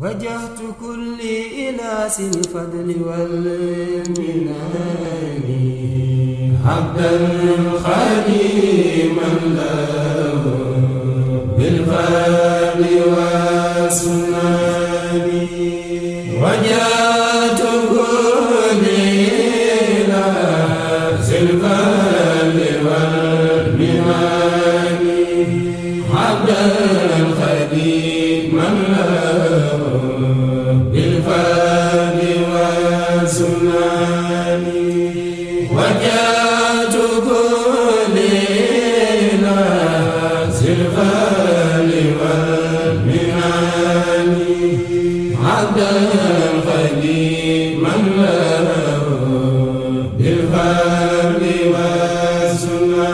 وجهت كلي إلى سي الفضل والمنان عبدا خديما له بالفضل والسنان وجهت كلي إلى سي الفضل والمنان عبدا خديما له Sunna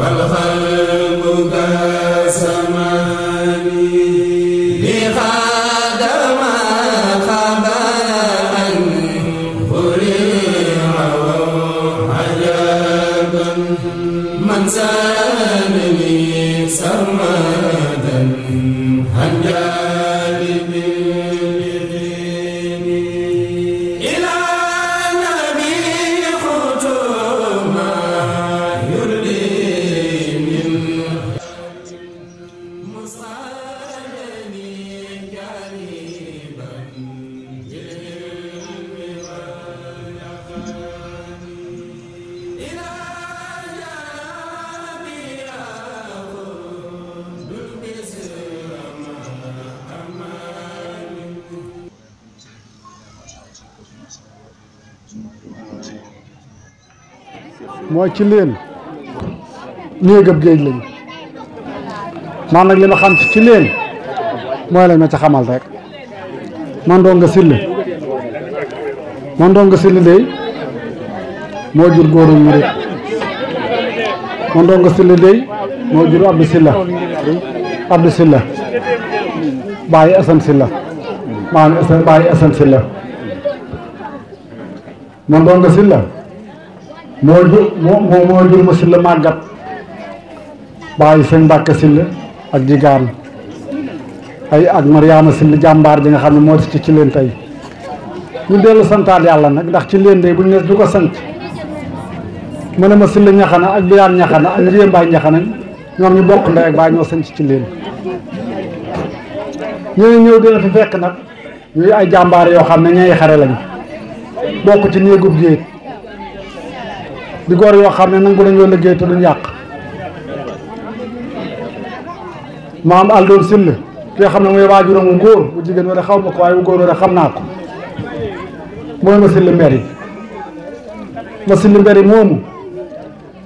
wala mooy ci leen néegab géej lañu man nag li ma xam ci leen mooy lañ ma ca xamal rek man doon nga sille man doon nga sille day moo jur góor ñu rek man doon nga sille day moo jur Abdou Silla Abdou Silla bàyyi Assane Silla maanaam bàyyi Silla man doon nga silla moo jur moo moo jur ma silla màggat bàyyi seen mbàkk silla ak jigaan ay ak mariama silla jàmbaar ji nga xam ne moo ci ci leen tey ñu dellu santaat yàlla nag ndax ci leen day bu ñu ne du ko sant mu ne ma silla ñaxana ak biyaan ñaxana ak njiyem baay ñaxana ñoom ñu bokk ndey ak baay ñoo sanc ci leen ñooñu ñëw dina fi fekk nag ñuy ay jàmbaar yoo xam ne ñay xare lañ bokk ci néegub géej di góor yoo xam ne nangu nañoo liggéey te duñ yàq maam aldoon sill ki nga xam ne mooy waajuram wu góor bu jigéen wala xaw ma ko waaye wu xam naa ko mooy ma sill mber yi ma sill mber moomu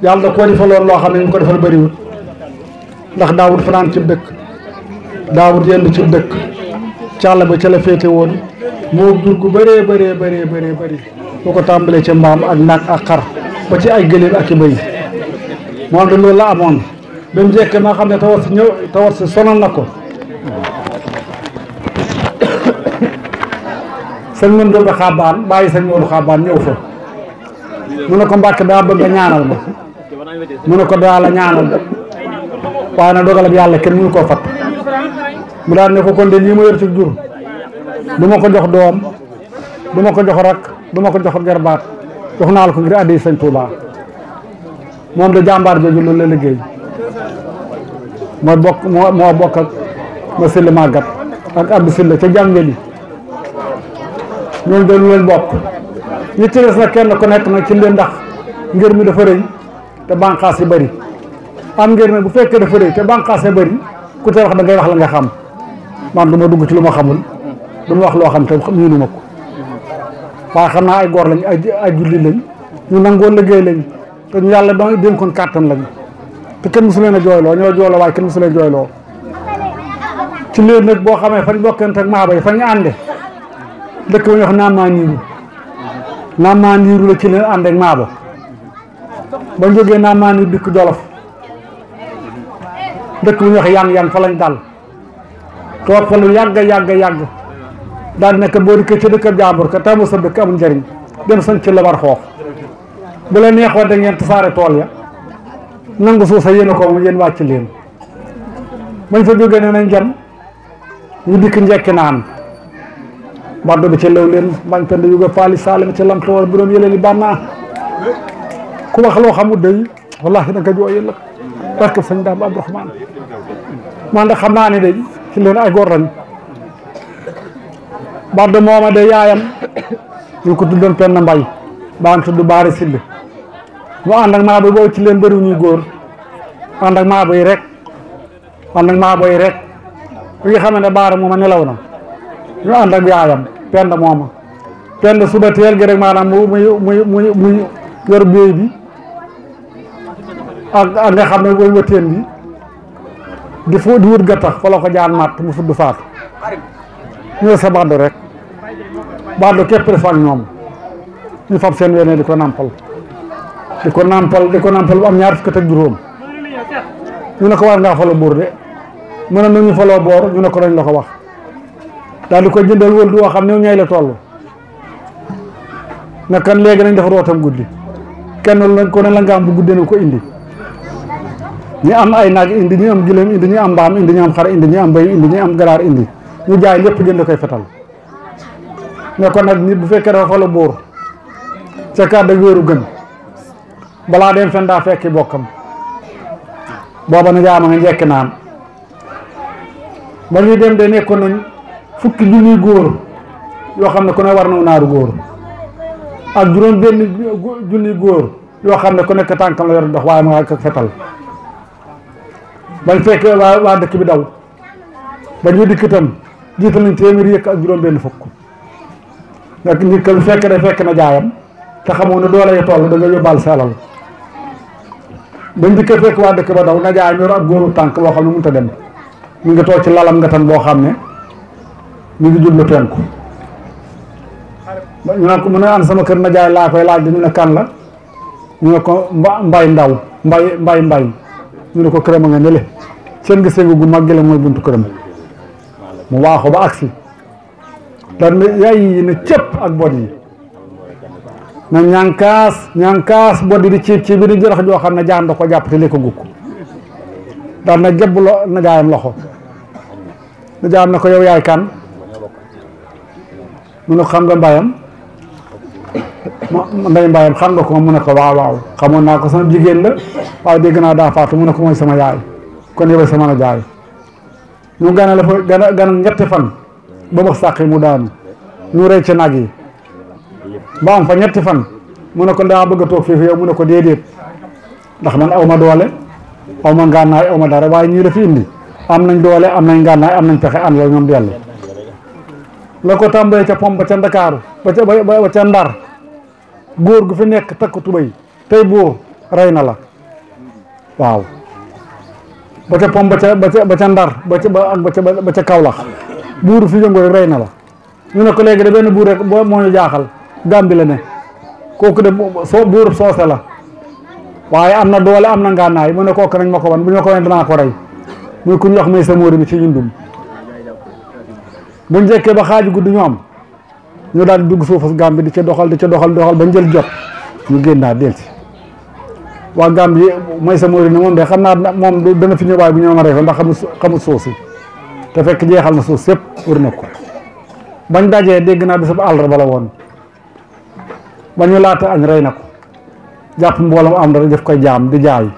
yàlla da koo defaloon loo xam ne ñu ko defal bëriwul ndax daawut fanaan ci dëkk daawut yenn ci dëkk càll ba ca woon moo jur gu bëree bëree bëree bëree bëri boo ko tàmbalee ci mbaam ak nag ak xar ba ci ay gëléem ak i mo moom de la amone ba mu na ma tawass ñew tawass sonal nako sen sëñ mën dooba xaabaan bàyyi sëñ Moodu xaabaan ñew fa mu ne ko mbàkke da bëgg ñaanal ma mu ne ko da la ñaanal de waaye dogal ak yalla kenn mënu ko fat mu daal ne ko kon de ñi ma yër ci jur duma ko jox doom duma ko jox rak duma ko jox jarbaat jox naa la ko ngir addi sëñ Touba moom da jàmbaar jooju loolu la liggéey moo bokk moo moo bokk ak ma silla màggat ak abdu silla ca jàngeli ñoom dañu leen bokk ñi ci des kenn ku nekk nag ci leen ndax ngir mi dafa rëy te bànqaas yi bari am ngir ne bu fekkee dafa rëy te bànqaas yi bëri ku te wax da ngay wax la nga xam man du ma dugg ci lu ma xamul du wax loo xam te nu ma ko waaye xam naa ay góor lañu ay ay julli lañ ñu nangoo liggéey lañ te ñu yàlla doon dénkoon kàttan lañ te kenn musu leen a jooyloo ñoo jooyloo waaye kenn musu leen jooyloo ci léegi nag boo xamee fañ bokkante ak maaba yi fañ ànde dëkk ba ñu wax naan maa niiru naan maa niiru la ci leen ànd ak maaba ba jógee naan maa niiru dikk jolof dëkk bu ñu wax yang yang fa lañ dal toog fa lu yàgg yàgg yàgg daan nekk boo dikkee ci dëkk jàmbur ka taamu sa dëkk amul njëriñ dem sañ ci labar xoox bu la neexoon da ngeen tasaare tool ya nangu suuf sa yéen a ko moom yéen wàcc leen bañ fa jógee ne nañ jam ñu dikk njekki naan baddu bi ci lew leen bañ pend yuga paali saalami ci lam bu doon yële li bànnaa ku wax loo xamul day wallahi da nga jooy yëllëg parce que sëñ daam Abdourahmane man xam naa ne day ay góor lañ Bardo mooma de yaayam ñu ko tuddon Penda Mbay baam tudd bari Sill mu ànd ak maabo bo ci len bëri ñu gor ànd ak maabo rek ànd ak maabo rek yi Baara nelaw na ñu ànd ak yaayam Penda mooma Penda suba teel gi rek maanaam mu mu mu mu yor béy bi ak nga xamne ne mooy bi di fo di wut gata fa la ko jaan mat mu fuddu faatu ñu sa bandu rek kep keppere fami mamo ni fam sen wenede ko nampal ɗe nampal ɗe ko nampal ɓam nyarf ko tagdi ni ñuna ko war nga falo ɓurde muna noñi falo boor ñuna ko roñ la ko wax daal di ko jëndal wëldu woo xam ne ñay la toll na kan léegi nañ def rootam guddi kenn lañ ko ne la nga am bu guddenu ko indi ñi am ay nag indi ñi am gilem indi ñi am mbaam indi ñi am xar indi ñi am bay indi ñi am garar indi ñu jaay lepp jënd koy fatal ne nag nit bu fekkee dafa fa la buur ca kàddu wéeru gën balaa dem fen daa fekki bokkam booba na jaama nga njekk naan ba ñuy dem de nekkoon nañ fukki junniy góor yoo xam ne ku ne war na naaru góor ak juróom benn góor yoo xam ne ku nekk tànkam la yor dox waaye ma nga fetal bañ fekk waa waa dëkk bi daw ba ñu dikk itam jiital nañ téeméer yëkk ak juróom benn fukk nga nit ka fekk ne fekk na jaayam te xamoo ne doole yi toll da nga yóbbaal sa alal bañ dikkee fekk waa dëkk ba daw na jaayam yor ab tànk boo xam ne mënut a ngi toog ci lalam nga boo xam ne mi ngi jublu penku ko mu ne an sama kër na jaay laa koy laaj dañu ne kan la ñu ne ko mbay ndaw mbay mbay mbay ñu ne ko këram a nga nele seen gis-gis gu mag gi la mooy buntu këram mu waaxu ba agsi ɗon ɓe yayi no cepp ak boɗi no ñankaas ñankaas boɗi ɗi ciib ciibiri jorox joo xam ne jaando ko jàpp te li ko gukk daan na gebb lo na jaayam loxo na jaayam na ko yow yaay kan mu ne ko xam nga mbayam nday mbayam xam nga ko mu ne ko waaw waaw xamoon naa ko sama jigéen la waaye dégg naa daa faatu mu ne ko mooy sama yaay kon yow sama na jaay ñu gana la fa gana gana ñetti fan ba mu daanu ñu rey ci nag yi ba am fa ñetti fan mu ne ko daa bëgg a toog fii yow mu ne ko déedéet ndax man aw ma doole aw ma ngànnaay aw ma dara waaye ñii dafa indi am nañ doole am nañ ngànnaay am nañ pexe ànd la ñoom dellu la ko tàmbalee ca pom ba ca ndakaaru ba ca ba ca ndar góor gu fi nekk takk tubay tey boo rey na la waaw ba ca pom ba ca ba ca ndar ba ca ba ak ba ca ba ca kawlax buur su yëngu rek rey na la ñu ne ko léegi de benn buur rek moo ñu jaaxal Gàmbi la ne kooku de soo buur soose la waaye am na doole am na ngànnaay mu ne kooku nañ ma ko bu ñu danaa ko rey ku ñu wax may sa móori bi ci ñundum bu njëkkee ba xaaju am ñu daal dugg suufas Gàmbi di ca doxal di ca doxal doxal ba njël jot ñu génnaat delsi waa Gàmbi may sa móori ne moom de xam naa moom dana fi ñëwaay bu ñëw a rey ko ndax xamul xamul soosi te fekk jeexal na suuf sépp wër na ko bañ dajee dégg naa bisub àllarba la woon ba laata añ rey na ko jàpp mbooloo am dara def koy jaam di jaay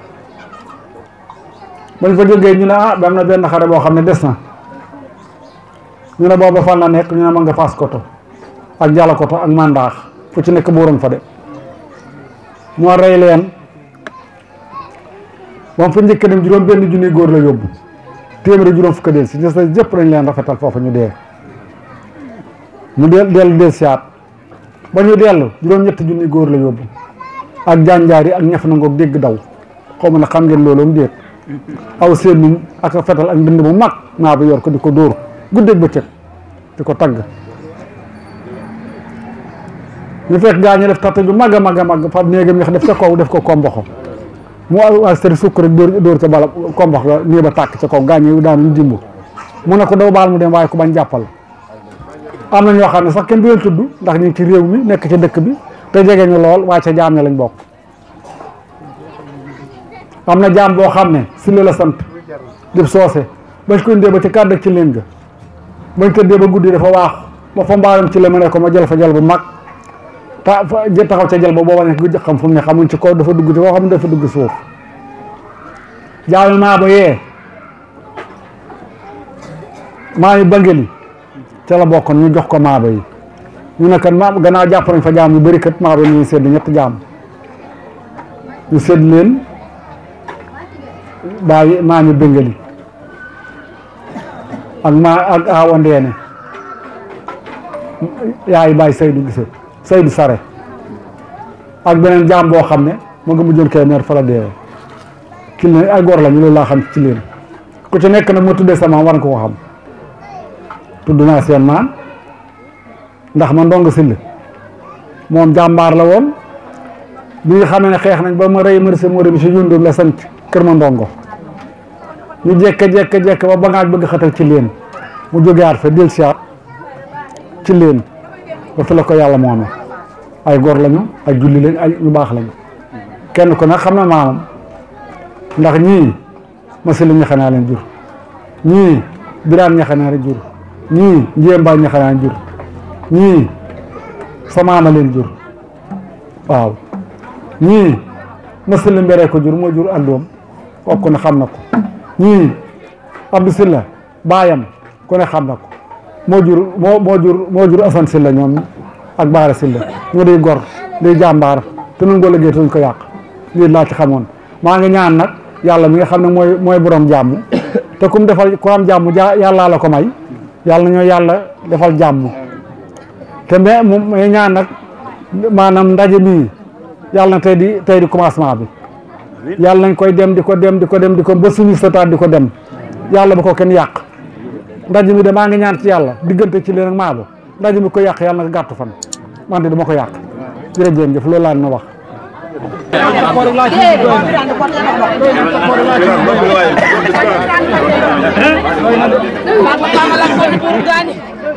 bañ fa jógee ñu ne ah am na benn xare boo xam ne des na ñu ne booba fan na nekk ñu ne ma nga faas koto ak jàlla koto ak màndaax fu ci nekk buuroon fa de moo rey leen moom fa njëkk dem juróom benn junni góor la yóbbu téeméer juroom fukk del ci des na jëpp dañ leen rafetal foofu ñu dee ñu del del del siat ba ñu del juroom ñett junni góor la yóbbu ak jànjaar yi ak ñaf na ngoog dégg daw xaw ma ne xam ngeen loolu mu déet aw seen ak rafetal ak ndënd mu mag naa bi yor ko di ko dóor guddeeg bëccëg di ko tagg ñu fekk gaa ñu def tatte ju mag a mag a mag fab néegam yax def ca kaw def ko mu astari sukk rek dóor dóor ca bala kombax ga nii ba tàkk ca kaw gaañu daanuñ dimb mu ne ko daw baal mu dem waaye ko bañ jàppal am na ñoo xam ne sax kenn du leen tudd ndax ñu ci réew mi nekk ci dëkk bi te jege ñu lool waaye ca jaam ne lañ bokk am na jaam boo xam ne si la sant dib soose bañ ko indee ba ci kàddu ci leen ga bañ ko indee ba guddi dafa waax ba fa mbaaram ci la ma ne ko ma jël fa jël bu mag pa ja taxaw ca jël ba boo wane ku xam fu mu ne xamuñ ci kaw dafa dugg ci koo xam dafa dugg suuf jaal naa ba yee ma. ngi bangeli ca la bokkoon ñu jox ko maaba yi ñu ne kan maam gannaaw jàpp nañ fa jaam yu bëri kat maaba ñu sedd ñett jaam ñu sedd leen bàyyi maa ngi bangeli ak ak yaay Seydou Seydou Sare ak beneen jaam boo xam ne mu nga mujjoon kay meer fa la deewee ci leen ay góor la ñu loolu laa xam ci leen ku ci nekk nag ma tuddee sama war nga ko xam tudd naa seen maam ndax ma ndong sill moom jàmbaar la woon bi nga xam ne xeex nañ ba ma rey marché mori bi si yundum la sant kër ma ndongo ñu jekke jekke jekke ba ba ngaa bëgg xatal ci leen mu jógeaat fa dil siaat ci leen ba fi la ko yàlla moomee ay góor lañu ay julli lañu ay ñu baax lañu kenn ku nag xam na maamam ndax ñii masila ñaxanaa leen jur ñii biraan ñaxanaa leen jur ñii njéembaa ñaxanaa jur ñii sa maama leen jur waaw ñii masila mbere ko jur moo jur àndoom kooku ku ne xam na ko ñii abdu silla baayam ku ne xam na ko moo jur moo moo jur moo jur asan silla ñoom ak Baara la ñu day gor day jàmbaar te nun ko liggéey tuñ ko yàq lii laa ci xamoon maa ngi ñaan nag yàlla mi nga xam ne mooy mooy borom jàmm te kum defal ku am jàmm ja yàllaa la ko may yàlla ñoo yàlla defal jàmm te mais moom may ñaan nag maanaam ndaje mii yàlla na tey di tey di commencement bi yàlla nañ koy dem di ko dem di ko dem di ko ba suñu sotaat di ko dem yàlla ba ko kenn yàq ndaje mi de maa ngi ñaan ci yàlla diggante ci leen ak maabo ndaje mi ko yàq yàlla na gàttu fan man de dama ko yàq jërëjëf loolu laa na wax.